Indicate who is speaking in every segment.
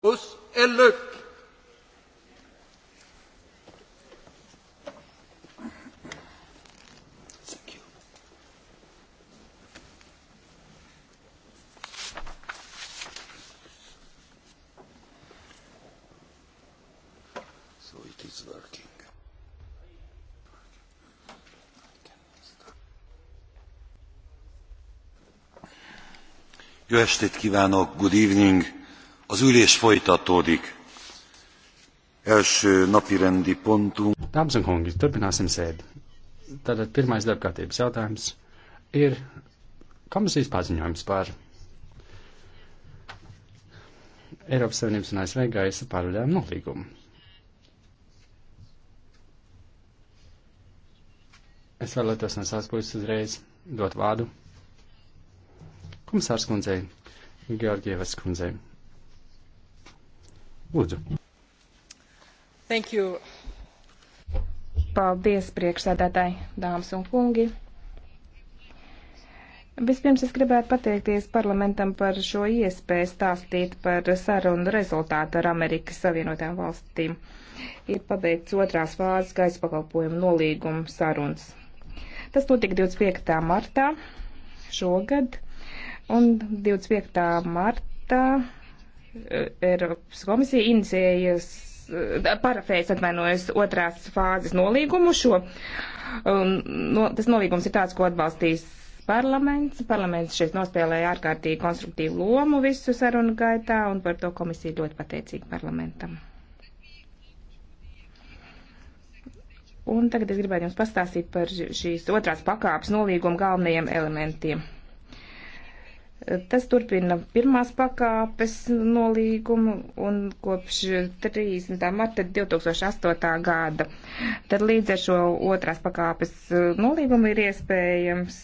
Speaker 1: Puss eller So it is working. Jó estét kívánok, good evening! Az ülés folytatódik. Első napirendi pontunk. Dāmas un kungi,
Speaker 2: turpināsim sēdi. Tātad pirmais darbkārtības jautājums ir komisijas paziņojums par Eiropas Savienības un ASV gaisa pārvadājumu nolīgumu. Es vēlētos no savas puses uzreiz dot vārdu komisārs kundzei, Georgievas kundzei. Lūdzu. Thank you.
Speaker 3: Paldies, priekšsēdētāji, dāmas un kungi. Vispirms es gribētu pateikties parlamentam par šo iespēju stāstīt par sarunu rezultātu ar Amerikas Savienotām valstīm. Ir pabeigts otrās fāzes gaisa pakalpojumu nolīguma sarunas. Tas notika 25. martā šogad, un 25. martā Eiropas komisija inicējas, eh, parafējas atvainojas otrās fāzes nolīgumu šo. Um, no, tas nolīgums ir tāds, ko atbalstīs parlaments. Parlaments šeit nospēlēja ārkārtīgi konstruktīvu lomu visu sarunu gaitā, un par to komisija ļoti pateicīga parlamentam. Un tagad es gribētu jums pastāstīt par šīs otrās pakāpes nolīguma galvenajiem elementiem. Tas turpina pirmās pakāpes nolīgumu un kopš 30. marta 2008. gada. Tad līdz ar šo otrās pakāpes nolīgumu ir iespējams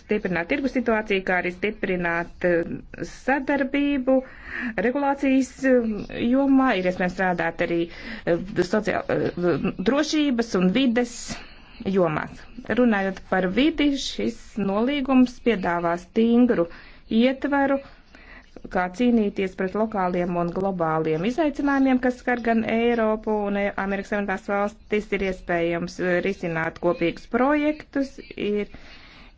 Speaker 3: stiprināt tirgu situāciju, kā arī stiprināt eh, sadarbību regulācijas eh, jomā. Ir iespējams strādāt arī eh, sociāla drošības un vides jomās. Runājot par vidi, šis nolīgums piedāvā stingru ietveru, kā cīnīties pret lokāliem un globāliem izaicinājumiem, kas skar gan Eiropu un Amerikas Savienotās valstis, ir iespējams risināt kopīgus projektus, ir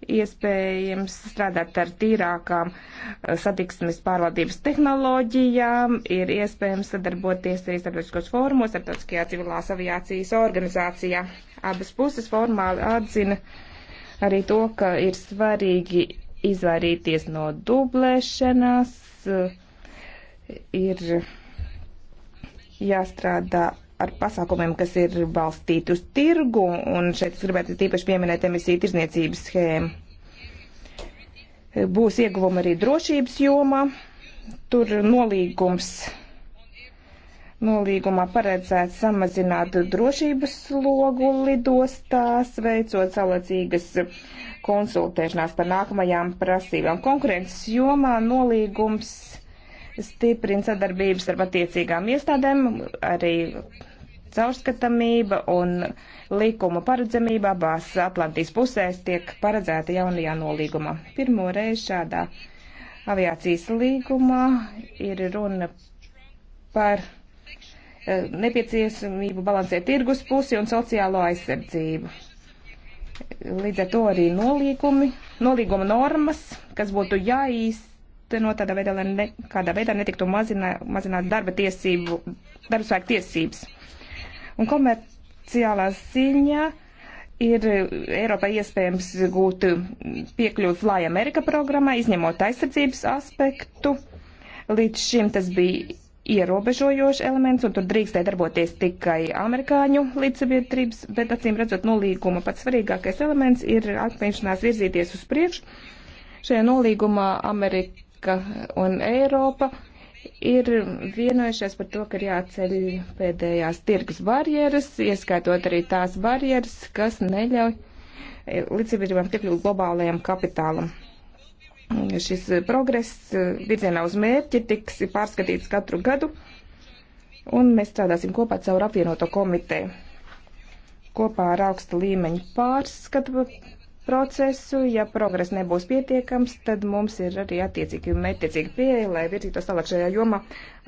Speaker 3: iespējams strādāt ar tīrākām eh, satiksmes pārvaldības tehnoloģijām, ir iespējams sadarboties arī starptautiskos fórumos, starptautiskajā civilās aviācijas organizācijā. Abas puses formāli atzina arī to, ka ir svarīgi izvairīties no dublēšanās, eh, ir jāstrādā ar pasākumiem, kas ir balstīti uz tirgu, un šeit es gribētu tīpaši pieminēt emisiju tirzniecības schēmu. Būs ieguvumi arī drošības jomā, tur nolīgums. Nolīgumā paredzēts samazināt drošības slogu lidostās, veicot saulēcīgas konsultēšanās par nākamajām prasībām. Konkurences jomā nolīgums stiprina sadarbības ar attiecīgām iestādēm, arī caurskatamība un likuma paredzamība abās Atlantijas pusēs tiek paredzēta jaunajā nolīgumā. Pirmo reizi šādā aviācijas līgumā ir runa par eh, nepieciešamību balansēt tirgus pusi un sociālo aizsardzību. Līdz ar to arī nolīgumi, nolīguma normas, kas būtu jāīsteno tādā veidā, lai nekādā veidā netiktu mazinā, mazināt darba tiesību, darbspēku tiesības. Un komerciālā ziņā ir Eiropai iespējams gūt piekļūt Fly America programmai, izņemot aizsardzības aspektu. Līdz šim tas bija ierobežojošs elements, un tur drīkstēja darboties tikai amerikāņu līdzsabiedrības, bet acīm redzot nolīguma pats svarīgākais elements ir apņemšanās virzīties uz priekšu. Šajā nolīgumā Amerika un Eiropa ir vienojušies par to, ka ir jāceļ pēdējās tirgus barjeras, ieskaitot arī tās barjeras, kas neļauj eh, līdzsabiedrībām piekļūt globālajam kapitālam. Šis progress eh, virzienā uz mērķi tiks pārskatīts katru gadu, un mēs strādāsim kopā caur apvienoto komiteju. Kopā ar augsta līmeņa pārskatu procesu. Ja progress nebūs pietiekams, tad mums ir arī attiecīgi mērķiecīgi pieeja, lai virzītos tālāk šajā jomā.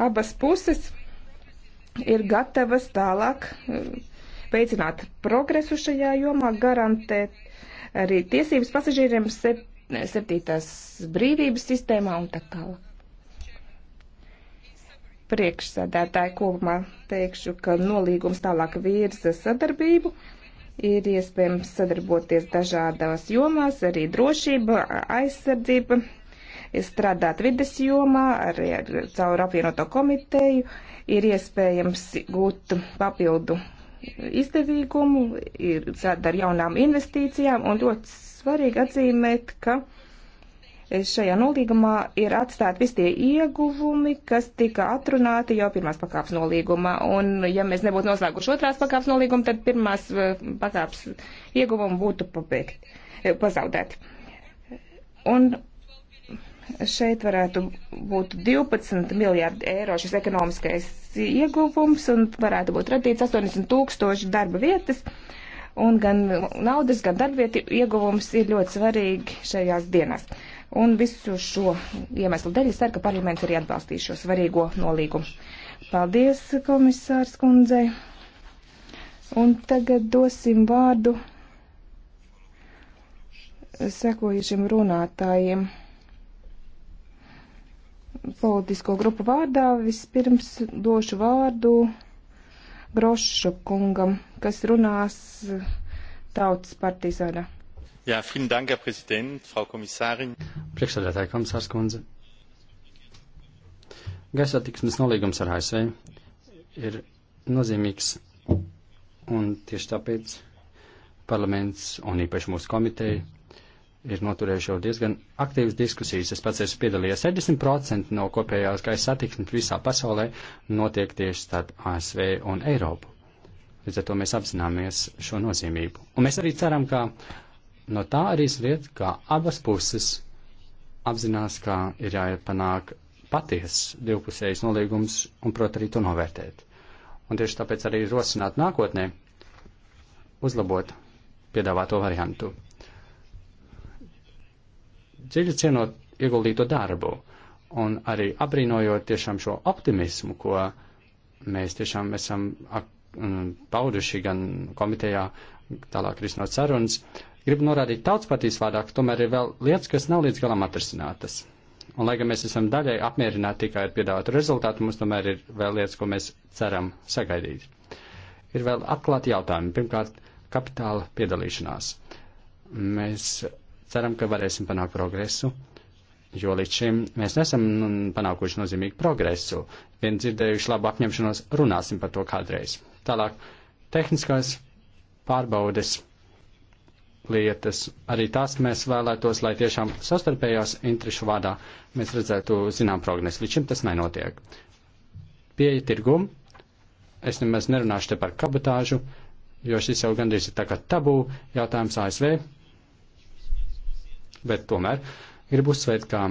Speaker 3: Abas puses ir gatavas tālāk eh, veicināt progresu šajā jomā, garantēt arī tiesības pasažīriem septītās brīvības sistēmā un tā tālāk. Priekšsēdētāji kopumā teikšu, ka nolīgums tālāk virza sadarbību. Uh, ir iespējams sadarboties dažādās jomās, arī drošība, aizsardzība, strādāt vides jomā, arī ar, caur apvienoto komiteju, ir iespējams gūt papildu izdevīgumu, ir strādāt ar jaunām investīcijām un ļoti svarīgi atzīmēt, ka šajā nolīgumā ir atstāti visi tie ieguvumi, kas tika atrunāti jau pirmās pakāpes nolīgumā. Un, ja mēs nebūtu noslēguši otrās pakāpes nolīgumu, tad pirmās eh, pakāpes ieguvumi būtu pabeigti, eh, pazaudēti. Un šeit varētu būt 12 miljārdi eiro šis ekonomiskais ieguvums un varētu būt radīts 80 tūkstoši darba vietas. Un gan naudas, gan darbvietu ieguvums ir ļoti svarīgi šajās dienās. Uh, Un visu šo iemeslu dēļ es ceru, ka parlaments arī atbalstīs šo svarīgo nolīgumu. Paldies, komisārs kundzei. Un tagad dosim vārdu sekojušiem runātājiem. Politisko grupu vārdā vispirms došu vārdu Grošu kungam, kas runās tautas partijas vārdā.
Speaker 2: Jā, vielen dank, Herr Präsident, Frau Kommissarin. Priekšsēdētāji komisārs kundze. Gaisa attiksmes nolīgums ar ASV ir nozīmīgs un tieši tāpēc parlaments un īpaši mūsu komiteja ir noturējuši jau diezgan aktīvas diskusijas. Es pats esmu piedalījies 70% no kopējās gaisa satiksmes visā pasaulē notiek tieši starp ASV un Eiropu. Līdz ar to mēs apzināmies šo nozīmību. Un mēs arī ceram, ka No tā arī izriet, ka abas puses apzinās, ka ir jāpanāk patiesas divpusējas nolīgums un, protams, arī to novērtēt. Un tieši tāpēc arī rosināt nākotnē uzlabot piedāvāto variantu. Dziļi cienot ieguldīto darbu un arī aprīnojot tiešām šo optimismu, ko mēs tiešām esam mm, pauduši gan komitejā, tālāk risinot sarunas, uh, Gribu norādīt tautspatīs vārdā, ka tomēr ir vēl lietas, kas nav līdz galam atrisinātas. Un, lai gan mēs esam daļai apmierināti tikai ar piedāvātu rezultātu, mums tomēr ir vēl lietas, ko mēs ceram sagaidīt. Ir vēl atklāti jautājumi. Pirmkārt, kapitāla piedalīšanās. Mēs ceram, ka varēsim panākt progresu, jo līdz šim mēs nesam nu, panākuši nozīmīgu progresu. Vien dzirdējuši labu apņemšanos, runāsim par to kādreiz. Tālāk, tehniskās pārbaudes lietas. Arī tās mēs vēlētos, lai tiešām sastarpējās interešu vārdā mēs redzētu zinām progresu. Līdz šim tas nenotiek. Pieeja tirgum. Es nemaz nerunāšu te par kabatāžu, jo šis jau gandrīz ir tā kā tabū jautājums ASV. Bet tomēr gribu uzsvērt, ka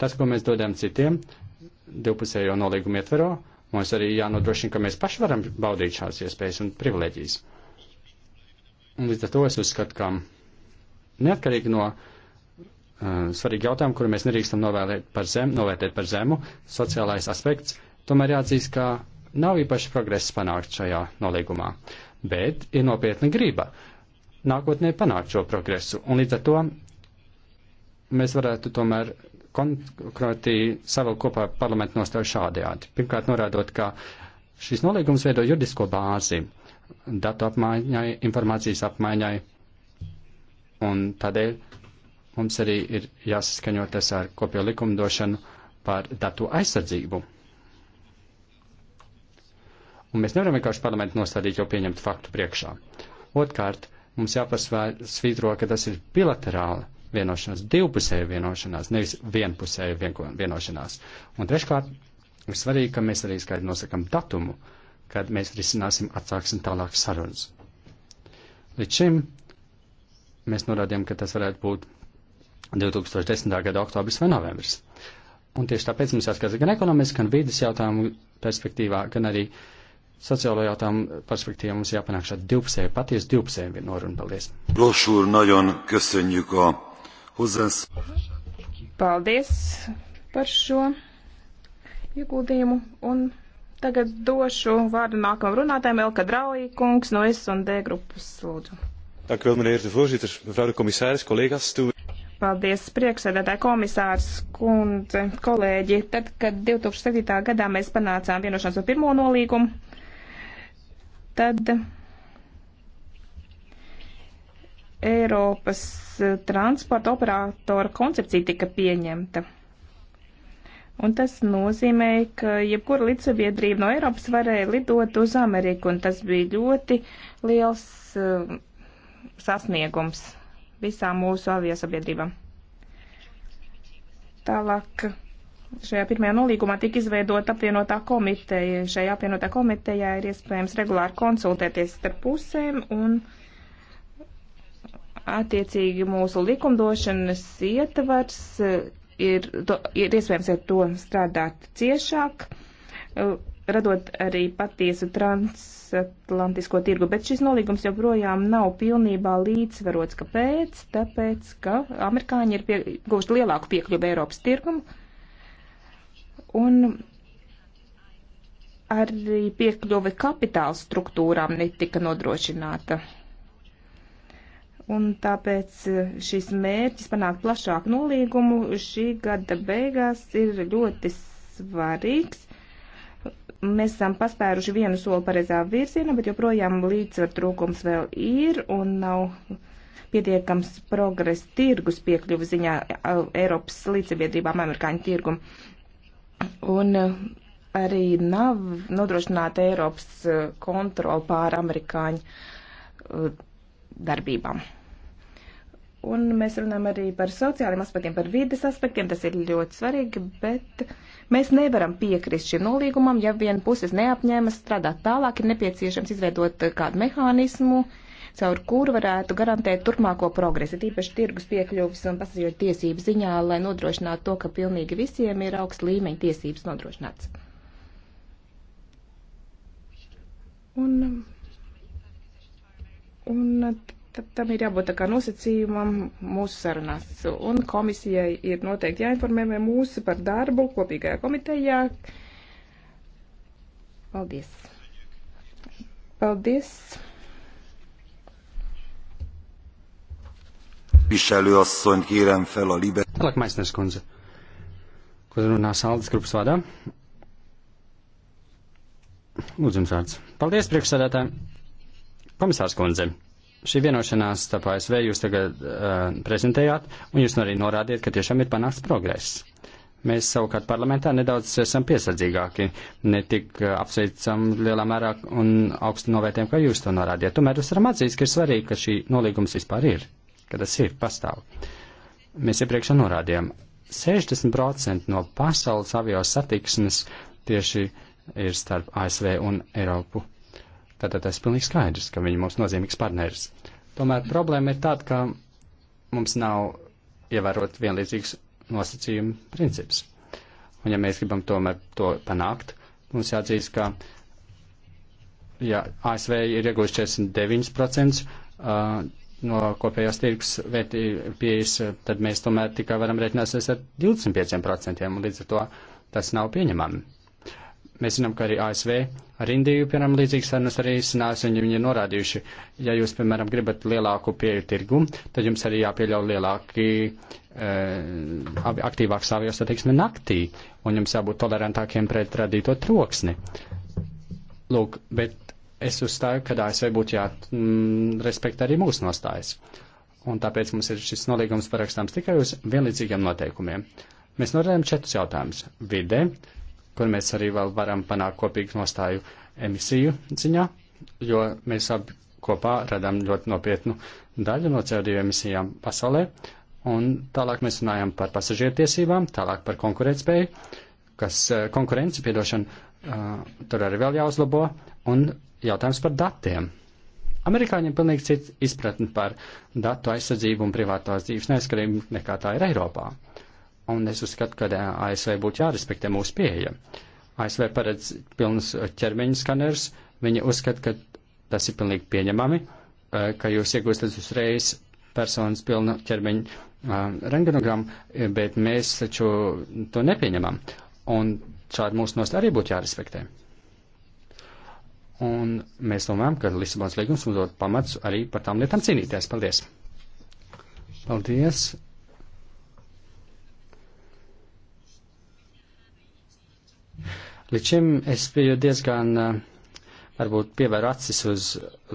Speaker 2: tas, ko mēs dodam citiem, divpusējo nolīgumu ietvero, mums arī jānodrošina, ka mēs paši varam baudīt šādas iespējas un privileģijas. Un līdz ar to es uzskatu, ka neatkarīgi no uh, svarīgi jautājumi, kuru mēs nerīkstam novēlēt par zem, novērtēt par zemu, sociālais aspekts, tomēr jāatzīst, ka nav īpaši progress panākt šajā nolīgumā. Bet ir nopietna grība nākotnē panākt šo progresu. Un līdz ar to mēs varētu tomēr konkrēti savu kopā parlamentu nostāju šādajādi. Pirmkārt, norādot, ka šis nolīgums veido juridisko bāzi. Uh, datu apmaiņai, informācijas apmaiņai. Un tādēļ mums arī ir jāsaskaņoties ar kopējo likumdošanu par datu aizsardzību. Un mēs nevaram vienkārši parlamentu nostādīt jau pieņemtu faktu priekšā. Otkārt, mums jāpasvītro, ka tas ir bilaterāli vienošanās, divpusēja vienošanās, nevis vienpusēja vienošanās. Un treškārt, ir svarīgi, ka mēs arī skaidri nosakam datumu, uh, kad mēs risināsim atsāksim tālāk sarunas. Līdz šim mēs norādījām, ka tas varētu būt 2010. gada oktobris vai novembris. Un tieši tāpēc mums jāskatās gan ekonomiski, gan vīdes jautājumu perspektīvā, gan arī sociālo jautājumu perspektīvā mums jāpanāk šādi divpusēji, patiesi divpusēji noruna. Paldies!
Speaker 1: Brošūr, najon, köszönjük a hozzás.
Speaker 3: Paldies par šo ieguldījumu un Tagad došu vārdu nākamajam runātājam, Elka Draujī kungs no S&D grupas lūdzu.
Speaker 1: Dank u wel, meneer de voorzitter, mevrouw de commissaris, collega's. Toen...
Speaker 3: Paldies, priekšsēdētāji komisārs kundze, kolēģi. Tad, kad 2007. gadā mēs panācām vienošanos par pirmo nolīgumu, tad Eiropas eh, transporta operātora koncepcija tika pieņemta. Un tas nozīmē, ka jebkura līdzsabiedrība no Eiropas varēja lidot uz Ameriku, un tas bija ļoti liels uh, sasniegums visām mūsu aviosabiedrībām. Tālāk šajā pirmajā nolīgumā tika izveidota apvienotā komiteja. Šajā apvienotā komitejā ir iespējams regulāri konsultēties starp pusēm un attiecīgi mūsu likumdošanas ietvars ir, to, ir iespējams ar to strādāt ciešāk, eh, radot arī patiesu transatlantisko tirgu, bet šis nolīgums joprojām nav pilnībā līdzsvarots. Kāpēc? Tāpēc, ka amerikāņi ir pie, gūši lielāku piekļuvu Eiropas tirgumu, un arī piekļuve kapitāla struktūrām netika nodrošināta. Un tāpēc e, šis mērķis panākt plašāku nolīgumu šī gada beigās ir ļoti svarīgs. Mēs esam paspēruši vienu soli pareizā virzienā, bet joprojām līdzsvar trūkums vēl ir un nav pietiekams progress tirgus piekļuvu ziņā e, Eiropas līdzsabiedrībām amerikāņu tirgumu. Un e, arī nav nodrošināta Eiropas kontrola pār amerikāņu darbībām. Un mēs runājam arī par sociāliem aspektiem, par vides aspektiem, tas ir ļoti svarīgi, bet mēs nevaram piekrist šim nolīgumam, ja viena puses neapņēmas strādāt tālāk, ir nepieciešams izveidot kādu mehānismu, caur kuru varētu garantēt turpmāko progresu, tīpaši tirgus piekļuvis un pasažieru tiesību ziņā, lai nodrošinātu to, ka pilnīgi visiem ir augsts līmeņa tiesības nodrošināts. Un Un tam ir jābūt tā kā nosacījumam mūsu sarunās. Un komisijai ir noteikti jāinformē mūsu par darbu kopīgajā komitejā. Paldies. Paldies.
Speaker 1: Viselőasszonyt kérem fel a libe. Tālāk
Speaker 2: Maisnes kundze, kur runā Saldis grupas vārdā. Lūdzu, jums vārds. Paldies, priekšsēdētāji. Komisārs Kundze, šī vienošanās starp ASV jūs tagad uh, prezentējāt, un jūs arī norādījat, ka tiešām ir panākts progress. Mēs savukārt parlamentā nedaudz esam piesardzīgāki, netik eh, apsveicam lielā mērā un augstu novērtējam, kā jūs to norādījat. Tomēr jūs varam atzīt, ka ir svarīgi, ka šī nolīgums vispār ir, ka tas ir, pastāv. Mēs iepriekš norādījām, 60% no pasaules avio satiksmes tieši ir starp ASV un Eiropu. Tātad tas ir pilnīgi skaidrs, ka viņi mums nozīmīgs partneris. Tomēr problēma ir tāda, ka mums nav ievērot vienlīdzīgs nosacījumu princips. Un ja mēs gribam tomēr to panākt, mums jāatzīst, ka ja ASV ir iegūst 49% no kopējās tirgus pieejas, tad mēs tomēr tikai varam reiķināties ar 25%, un līdz ar to tas nav pieņemami. Mēs zinām, ka arī ASV ar Indiju, piemēram, līdzīgas sarunas arī sanās, un viņi ir norādījuši, ja jūs, piemēram, gribat lielāku pieju tirgu, tad jums arī jāpieļauj lielāki e, aktīvāk savies, teiksim, naktī, un jums jābūt tolerantākiem pret radīto troksni. Lūk, bet es uzstāju, ka ASV būtu jārespektē mm, arī mūsu nostājas. Un tāpēc mums ir šis nolīgums parakstāms tikai uz vienlīdzīgiem noteikumiem. Mēs norādījām četrus jautājumus - vide, kur mēs arī vēl varam panākt kopīgu nostāju emisiju ziņā, jo mēs abi kopā radām ļoti nopietnu daļu no CO2 emisijām pasaulē. Un tālāk mēs runājam par pasažieru tiesībām, tālāk par konkurētspēju, kas eh, konkurenci, piedošana, eh, tur arī vēl jāuzlabo, un jautājums par datiem. Amerikāņiem pilnīgi cits izpratni par datu aizsardzību un privātās dzīves neaizskarību nekā tā ir Eiropā. Uh, un es uzskatu, ka eh, ASV būtu jārespektē mūsu pieeja. ASV paredz pilnus eh, ķermeņu skanerus, viņi uzskata, ka tas ir pilnīgi pieņemami, eh, ka jūs iegūstat uzreiz personas pilnu ķermeņu uh, ranganogramu, bet mēs taču to nepieņemam. Un šādi mūsu nost arī būtu jārespektē. Un mēs domājam, ka Lisabons līgums mums dod pamats arī par tām lietām cīnīties. Paldies! Paldies! Līdz šim es biju diezgan, eh, varbūt, pievēru acis uz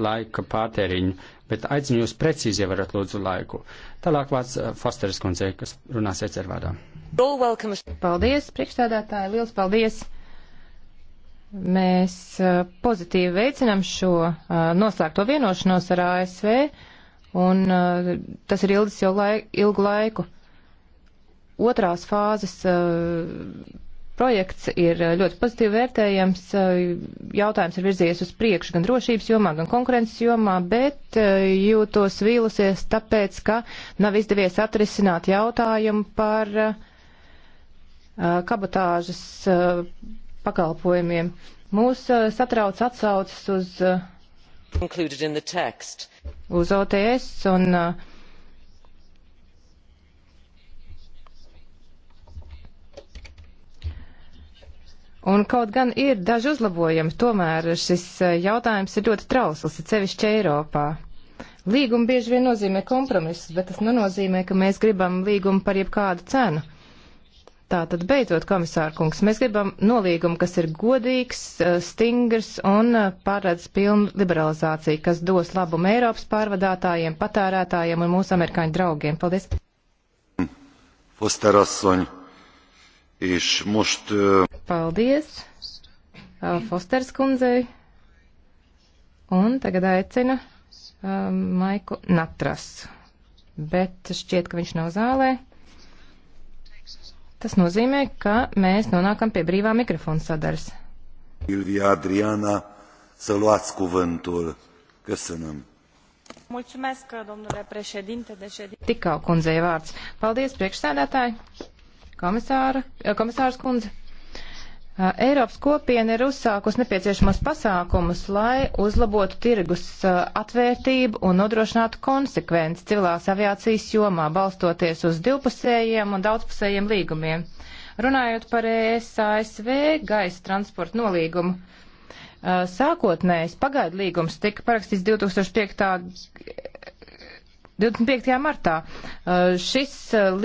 Speaker 2: laika pārtēriņu, bet aicinu jūs precīzi ievarot lūdzu laiku. Tālāk vārds eh, Fosteris kundzei, kas runās ecervādā.
Speaker 4: Paldies, priekšstādātāji, liels paldies! Mēs eh, pozitīvi veicinam šo noslēgto vienošanos ar ASV, un tas ir ilgs jau laik, ilgu laiku. Otrās fāzes projekts ir eh, ļoti pozitīvi vērtējams. Eh, jautājums ir virzies uz priekšu gan drošības jomā, gan konkurences jomā, bet eh, jūtos vīlusies tāpēc, ka nav izdevies atrisināt jautājumu par kabotāžas pakalpojumiem. Mūs satrauc atsaucas uz, uz OTS un uh, Un kaut gan ir daži uzlabojumi, tomēr šis eh, jautājums ir ļoti trausls, ir sevišķi Eiropā. Līguma bieži vien nozīmē kompromisus, bet tas nenozīmē, ka mēs gribam līgumu par jebkādu cenu. Tātad beidzot, komisārkungs, mēs gribam nolīgumu, kas ir godīgs, eh, stingrs un eh, paredz pilnu liberalizāciju, kas dos labumu Eiropas pārvadātājiem, patērētājiem un mūsu amerikāņu draugiem. Paldies!
Speaker 1: Foster asszony, és most uh,
Speaker 4: Paldies uh, Fosters kundzei. Un tagad aicina uh, Maiku Natras. Bet šķiet, ka viņš nav zālē. Tas nozīmē, ka mēs nonākam pie brīvā mikrofona sadaļas.
Speaker 1: Ilvija Adriana, să luați cuvântul. Köszönöm.
Speaker 4: Mulțumesc, domnule președinte, de ședinte. Tikau kundzei vārds. Paldies, priekšsēdētāji. Komisāra, komisārs kundze. Eiropas kopiena ir uzsākus nepieciešamos pasākumus, lai uzlabotu tirgus atvērtību un nodrošinātu konsekvenci civilās aviācijas jomā, balstoties uz divpusējiem un daudzpusējiem līgumiem. Runājot par ESASV gaisa transporta nolīgumu, sākotnējs pagaidu līgums tika parakstīts 2005. 25. martā. Šis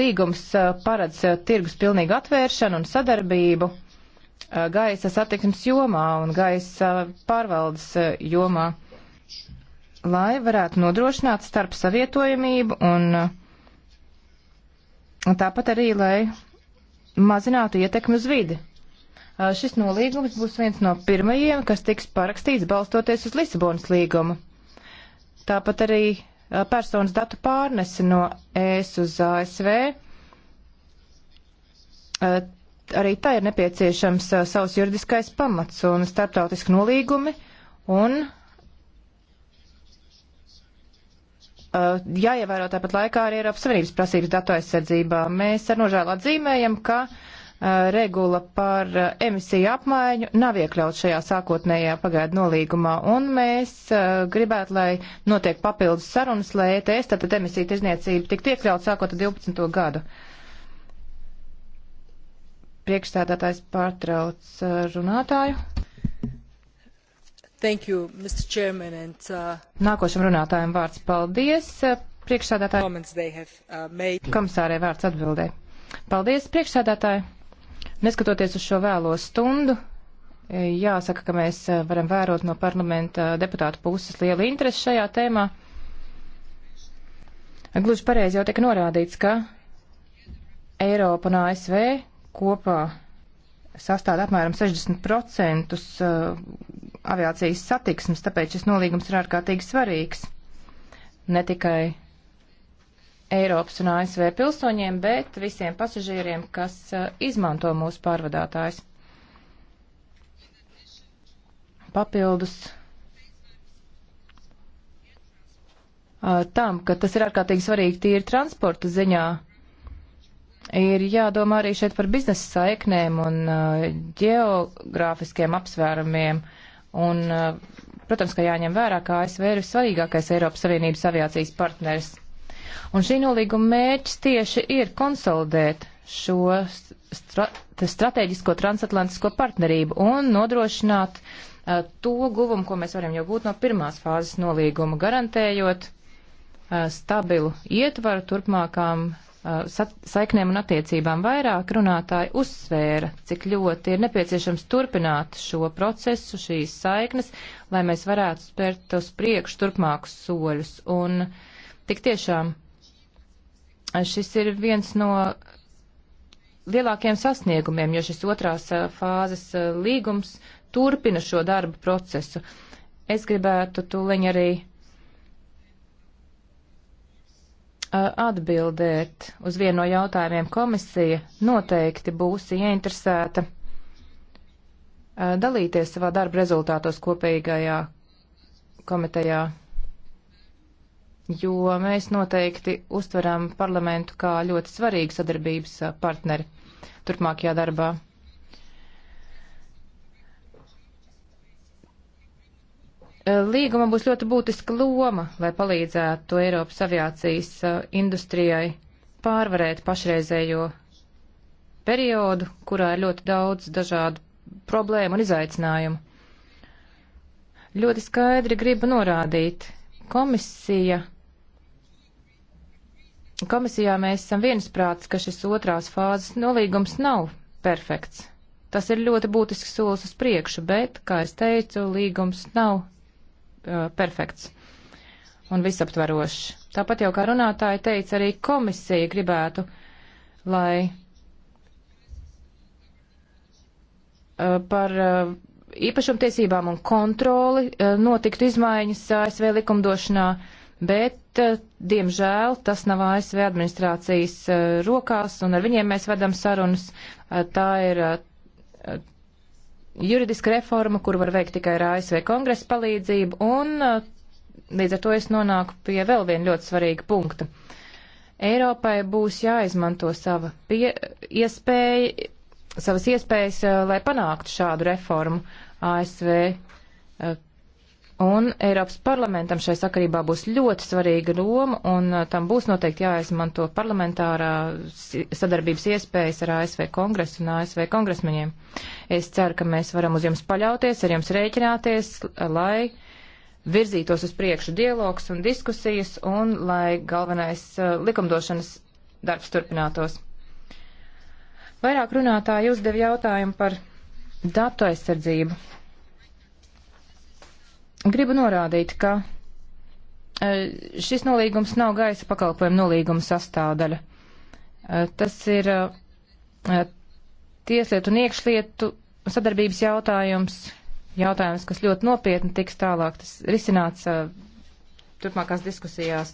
Speaker 4: līgums paredz tirgus pilnīgu atvēršanu un sadarbību Uh, gaisa satiksmes jomā un gaisa pārvaldes uh, jomā, lai varētu nodrošināt starp savietojamību un, uh, un tāpat arī, lai mazinātu ietekmi uz vidi. Šis nolīgums būs viens no pirmajiem, kas tiks parakstīts balstoties uz Lisabonas līgumu. Tāpat arī personas datu pārnese no ES uz ASV arī tā ir nepieciešams uh, savs juridiskais pamats un starptautiski nolīgumi un uh, jāievēro tāpat laikā arī Eiropas Savienības prasības datu aizsardzībā. Mēs ar nožēlu atzīmējam, ka uh, regula par emisiju apmaiņu nav iekļauts šajā sākotnējā pagaidu nolīgumā, un mēs uh, gribētu, lai notiek papildus sarunas, lai ETS, tātad emisiju tirzniecība, tiktu iekļauts sākot ar 12. gadu. Uh, Priekšstādātājs pārtrauc uh, runātāju. Thank you, Mr. Chairman, and, uh... Nākošam runātājam vārds paldies. Uh, priekšsādātāji. Uh, made... Komisārē vārds atbildē. Paldies, priekšsādātāji. Neskatoties uz šo vēlo stundu, e, jāsaka, ka mēs e, varam vērot no parlamenta deputātu puses lielu interesi šajā tēmā. Gluži pareizi jau tika norādīts, ka Eiropa un ASV kopā sastāv apmēram 60% uh, aviācijas satiksmes, tāpēc šis nolīgums ir ārkārtīgi svarīgs ne tikai Eiropas un ASV pilsoņiem, bet visiem pasažieriem, kas uh, izmanto mūsu pārvadātājs. Papildus uh, tam, ka tas ir ārkārtīgi svarīgi tīri transporta ziņā Ir jādomā arī šeit par biznesa saiknēm un uh, geogrāfiskiem apsvērumiem. Un, uh, protams, ka jāņem vērā, ka ASV ir svarīgākais Eiropas Savienības aviācijas partners. Un šī nolīguma mērķis tieši ir konsolidēt šo stra strateģisko transatlantisko partnerību un nodrošināt uh, to guvumu, ko mēs varam jau gūt no pirmās fāzes nolīguma, garantējot uh, stabilu ietvaru turpmākām Uh, saiknēm un attiecībām vairāk runātāji uzsvēra, cik ļoti ir nepieciešams turpināt šo procesu, šīs saiknes, lai mēs varētu spērt uz priekšu turpmākus soļus. Un tik tiešām uh, šis ir viens no lielākiem sasniegumiem, jo šis otrās uh, fāzes līgums turpina šo darbu procesu. Es gribētu tūliņ arī atbildēt uz vienu no jautājumiem. Komisija noteikti būs ieinteresēta dalīties savā darba rezultātos kopīgajā komitejā, jo mēs noteikti uztveram parlamentu kā ļoti svarīgu sadarbības partneri turpmākajā darbā. Eh, Līguma būs ļoti būtiska loma, lai palīdzētu Eiropas aviācijas eh, industrijai pārvarēt pašreizējo periodu, kurā ir ļoti daudz dažādu problēmu un izaicinājumu. Ļoti skaidri gribu norādīt, komisija, komisijā mēs esam viensprāts, ka šis otrās fāzes nolīgums nav perfekts. Tas ir ļoti būtisks solis uz priekšu, bet, kā es teicu, līgums nav perfekts un visaptvarošs. Tāpat jau kā runātāja teica, arī komisija gribētu, lai par īpašumtiesībām un kontroli notiktu izmaiņas ASV likumdošanā, bet, diemžēl, tas nav ASV administrācijas rokās, un ar viņiem mēs vedam sarunas. Tā ir juridiska reforma, kur var veikt tikai ar ASV kongresa palīdzību, un uh, līdz ar to es nonāku pie vēl viena ļoti svarīga punkta. Eiropai būs jāizmanto sava pie, iespēja, savas iespējas, uh, lai panāktu šādu reformu ASV uh, Un Eiropas parlamentam šai sakarībā būs ļoti svarīga loma, un uh, tam būs noteikti jāizmanto parlamentārā sadarbības iespējas ar ASV kongresu un ASV kongresmeņiem. Es ceru, ka mēs varam uz jums paļauties, ar jums rēķināties, lai virzītos uz priekšu dialogs un diskusijas, un lai galvenais uh, likumdošanas darbs turpinātos. Vairāk runātāji uzdev jautājumu par datu aizsardzību. Gribu norādīt, ka e, šis nolīgums nav gaisa pakalpojumu nolīguma sastāvdaļa. E, tas ir e, tieslietu un iekšlietu sadarbības jautājums, jautājums, kas ļoti nopietni tiks tālāk tas risināts turpmākās diskusijās.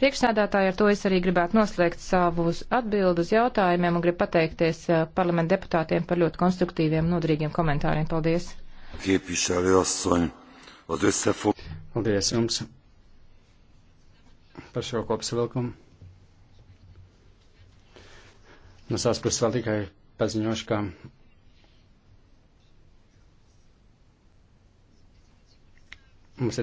Speaker 4: Priekšsēdētāji, ar to es arī gribētu noslēgt savus atbildus uz jautājumiem un gribu pateikties parlamentu deputātiem par ļoti konstruktīviem, noderīgiem komentāriem. Paldies!
Speaker 1: Képviselő asszony, az összefog... Paldies jums
Speaker 2: par šo kopsavilkumu. No savas puses vēl tikai paziņošu, ka